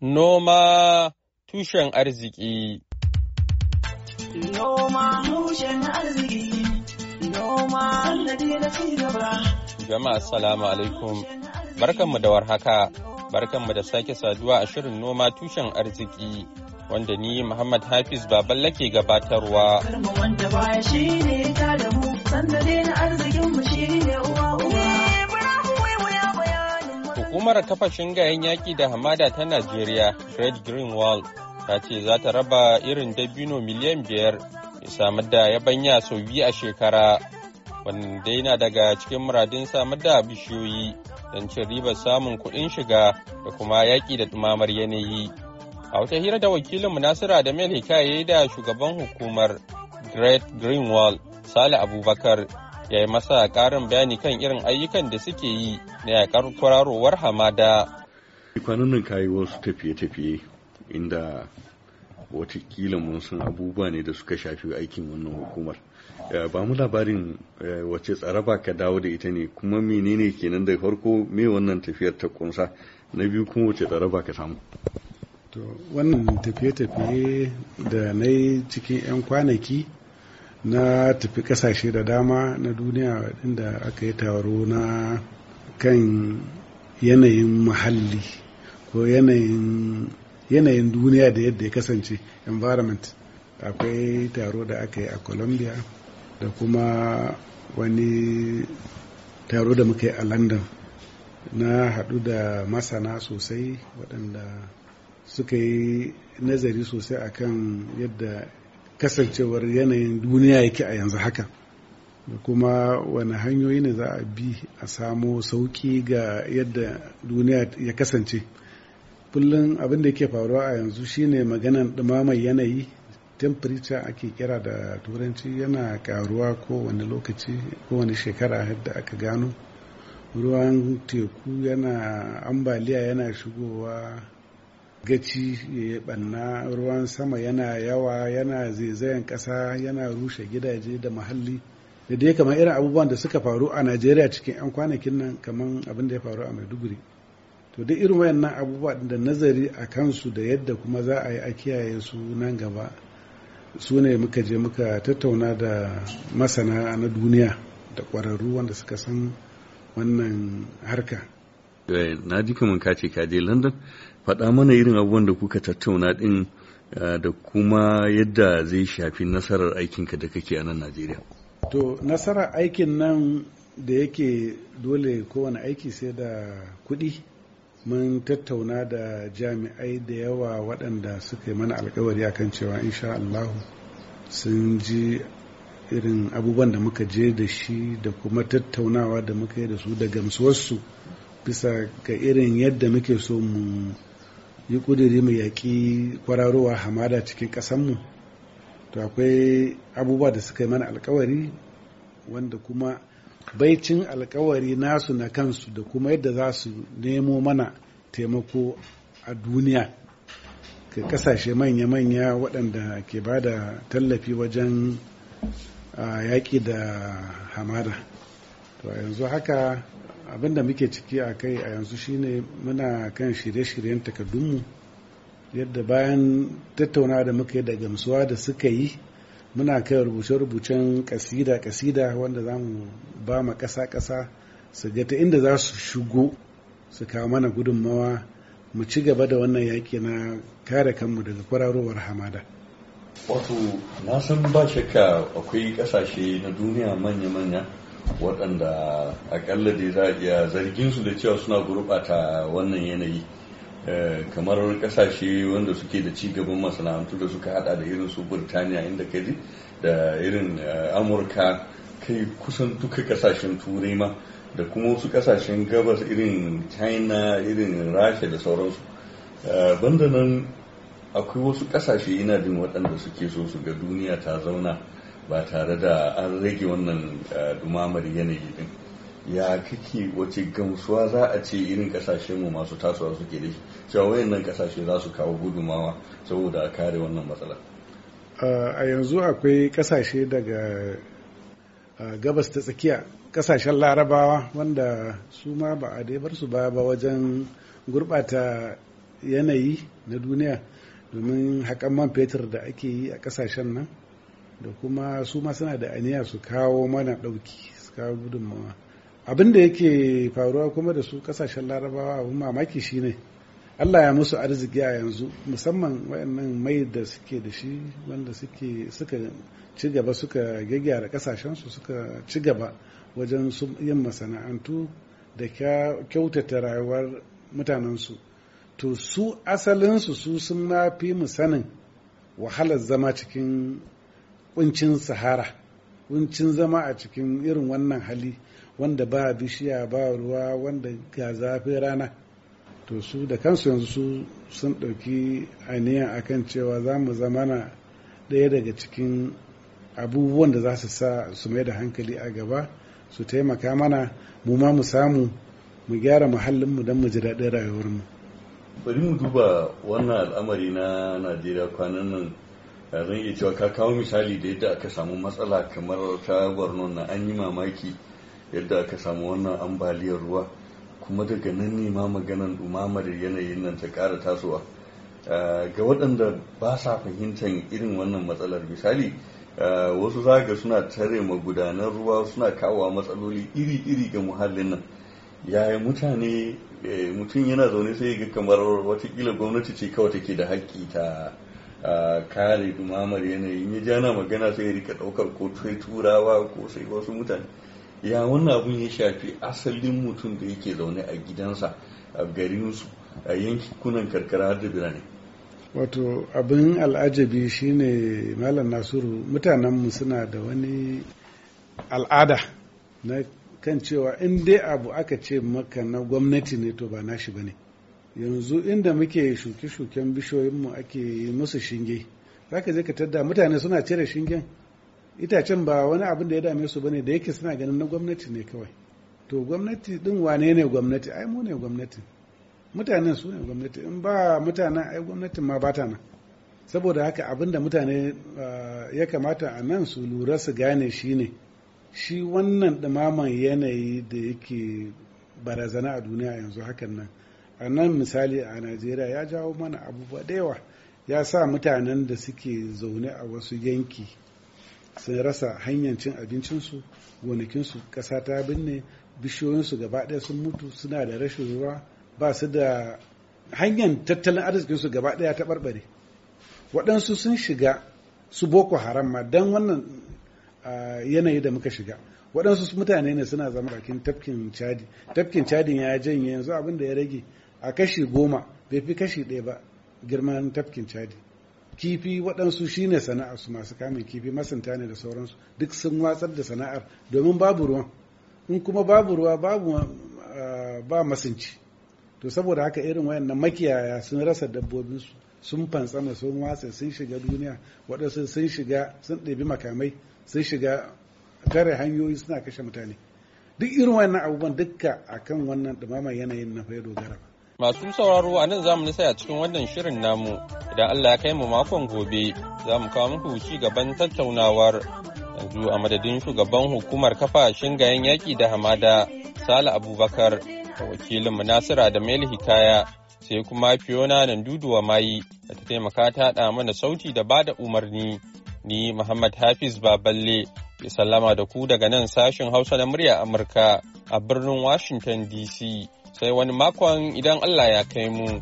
Noma tushen arziki. Noma tushen arziki. Noma na ci gaba. Jama'a salamu alaikum. Barkanmu da warhaka. Barkanmu da sake saduwa a shirin noma tushen arziki. Wanda ni Muhammad Hafiz baban ke gabatarwa. Karma wanda baya shi ne ta da mu, na arzikinmu shi ne uwa uwa. Hukumar kafa shingayen yaƙi da hamada ta Najeriya, Fred Greenwald, ta ce za ta raba irin dabino miliyan biyar ya samar da yabanya sau biyu a shekara. Wanda yana daga cikin muradin samar da bishiyoyi don cin ribar samun kuɗin shiga da kuma yaƙi da ɗumamar yanayi. A wata hira da wakilin Nasiru da Mel yi da shugaban hukumar Great Greenwald, Sale Abubakar, ya yi masa ƙarin bayani kan irin ayyukan da suke yi na yakar kwararowar hamada kwanan nan kayi wasu tafiye-tafiye inda watakila mun san abubuwa ne da suka shafi aikin wannan hukumar eh, ba mu labarin eh, wace tsaraba ka dawo da ita ne kuma menene kenan da farko me wannan tafiyar ta kunsa na biyu kuma wace tsaraba ka samu wannan tafiye-tafiye da na yi cikin 'yan kwanaki na tafi kasashe da dama na duniya inda aka yi taro na kan yanayin muhalli ko yanayin duniya da yadda ya kasance environment akwai taro da aka yi a colombia da kuma wani taro da muka yi a london na hadu da masana sosai waɗanda suka yi nazari sosai akan yadda kasancewar yanayin duniya yake a yanzu haka da kuma wani hanyoyi ne za a bi a samo sauki ga yadda duniya ya kasance kullum abin da yake faruwa a yanzu shine maganan dumamar yanayi temperature ake kira da turanci yana karuwa kowane lokaci kowane shekara yadda aka gano ruwan teku yana ambaliya yana shigowa gaci ya banna ruwan sama yana yawa yana zaizayen ƙasa yana rushe gidaje da muhalli da dai kamar irin abubuwan da suka faru a najeriya cikin 'yan kwanakin nan kamar abin da ya faru a maiduguri to duk irin wayannan abubuwa da nazari a kansu da yadda kuma za a yi a kiyaye su nan gaba su ne muka je muka tattauna da masana na duniya da ƙwararru wanda suka san wannan harka eh, na ji kamar ka ce ka je london faɗa mana irin abubuwan da kuka tattauna ɗin eh, da kuma yadda zai shafi nasarar aikinka da kake a nan najeriya to nasara aikin nan da yake dole kowane aiki sai da kuɗi mun tattauna da jami'ai da yawa waɗanda suka yi mana alkawari akan cewa insha Allah sun ji irin abubuwan da muka je da shi da kuma tattaunawa da muka yi da su da gamsuwarsu bisa ga irin yadda muke so mu yi ƙudiri mu yaƙi kwararowa hamada cikin ƙasanmu to akwai abubuwa da suka yi mana alkawari wanda kuma baicin alkawari nasu na kansu da kuma yadda za su nemo mana taimako a duniya ka kasashe manya-manya waɗanda ke ba da tallafi wajen yaƙi da hamada to yanzu haka abinda muke ciki a kai a yanzu shine muna kan shirye-shiryen takardunmu yadda bayan tattauna da muka yi da gamsuwa da suka yi muna kai rubuce-rubucen kasida-kasida wanda za mu ba ma ƙasa-ƙasa su ga ta inda za su shigo su kawo mana gudunmawa mu ci gaba da wannan yaƙi na kare kanmu daga kwararowar hamada. wato na san ba shakka akwai ƙasashe na duniya manya-manya waɗanda akalla dai za a iya zargin su da cewa suna gurɓata wannan yanayi Eh, kamar kasashe wanda suke da ci gaban masana'antu da suka hada da irin su burtaniya inda ka ji da irin eh, amurka kai kusan duka kasashen turai ma da kuma wasu kasashen gabas irin china irin rasha da sauransu eh, banda nan akwai wasu kasashe ina jin waɗanda suke so su ga duniya ta zauna ba tare da an rage wannan dumamar yanayi din ya kake wace gamsuwa za a ce irin kasashen mu masu tasowa suke da shi cewa wayannan kasashe za su kawo gudumawa saboda a kare wannan matsala a yanzu akwai kasashe daga gabas ta tsakiya kasashen larabawa wanda su ma ba a daibar su ba ba wajen gurbata yanayi na duniya domin haƙan man fetur da ake yi a kasashen nan da kuma su ma suna da aniya su kawo mana ɗauki su kawo gudunmawa abin da yake faruwa kuma da su kasashen larabawa abin mamaki shine allah ya musu arziki a yanzu musamman wayannan mai da suke da shi wanda suke suka ci gaba suka gyaggyara kasashensu suka ci gaba wajen yin masana'antu da kyautata rayuwar mutanensu to su asalinsu su sun ma fi mu sanin wahalar zama cikin kuncin sahara kuncin zama a cikin irin wannan hali wanda ba bishiya ba ruwa wanda ga zafi rana to su da kansu yanzu su sun ɗauki a kan cewa za mu zamana ɗaya daga cikin abubuwan da za su sa su mai da hankali a gaba su taimaka mana mu ma mu samu mu gyara muhallinmu don mu ji daɗin rayuwarmu bari mu duba wannan al'amari na najeriya kwanan nan zan iya cewa ka kawo misali da yadda aka samu matsala kamar ta gwarnon na an yi mamaki yadda aka samu wannan ambaliyar ruwa kuma daga nan ne ma maganan dumamar yanayin nan ta ƙara tasowa eh, ga waɗanda ba sa fahimtar irin wannan matsalar misali eh, wasu zaga suna tare magudanar ruwa suna kawo matsaloli iri-iri ga muhallin nan yaya mutane eh, mutum yana zaune sai ga kamar watakila gwamnati ce kawai take da haƙƙi ta kare dumamar yanayi ya jana magana sai ya rika ɗaukar ko turawa ko sai wasu mutane ya wannan abun ya shafi asalin mutum da yake zaune a gidansa a garinsu a yankunan karkara da birane wato abin al'ajabi shine malam nasiru mutanenmu suna da wani al'ada na kan cewa in dai abu aka ce maka na gwamnati ne to ba nashi ba ne yanzu inda muke shuke-shuken bishiyoyinmu ake musu shinge za ka je ka tadda mutane suna cire shingen itacen ba wani abin da ya dame su bane da yake suna ganin na gwamnati ne kawai to gwamnati din wane ne gwamnati ai mu ne gwamnati mutanen su ne gwamnati in ba mutanen ai gwamnatin ma ba ta nan saboda haka abin da mutane ah, ya kamata a nan su lura su gane shi ne shi wannan ɗumaman yanayi da yake barazana a duniya yanzu hakan nan a nan misali a najeriya ya jawo mana abubuwa da yawa ya sa mutanen da suke zaune a wasu yanki sun rasa hanyar cin abincinsu gonakinsu ƙasa ta binne bishiyoyinsu gaba ɗaya sun mutu suna da rashin ruwa ba su da hanyar tattalin arzikinsu gaba ɗaya ta barbare waɗansu sun shiga su boko haram ma don wannan yanayi da muka shiga waɗansu mutane ne suna zama bakin tafkin cadi tafkin cadin ya janye yanzu abin da ya rage a kashi goma bai fi kashi ɗaya ba girman tafkin cadi kifi waɗansu shine sana'ar su masu kamun kifi masunta ne da sauransu duk sun watsar da sana'ar domin babu ruwa in kuma babu ruwa babu ah, ba masunci to saboda haka irin wayannan makiyaya sun rasa dabbobin su sun fantsama sun watsa sun shiga duniya waɗansu sun shiga sun ɗabi makamai sun shiga tare hanyoyi suna kashe mutane duk irin wayannan abubuwan dukka akan wannan ɗumamar yanayin na fa dogara Masu sauraro a nan zamu nisa a cikin wannan shirin namu idan Allah ya kai mu makon gobe za mu kawo muku ci gaban tattaunawar yanzu a madadin shugaban hukumar kafa shingayen yaƙi da hamada Sale Abubakar da wakilin Munasira da Mel Hikaya sai kuma Fiona duduwa Mayi da ta taimaka ta haɗa mana sauti da bada umarni ni Muhammad Hafiz Baballe ke sallama da ku daga nan sashin Hausa na murya Amurka. a birnin Washington DC sai wani makon idan Allah ya kai mu.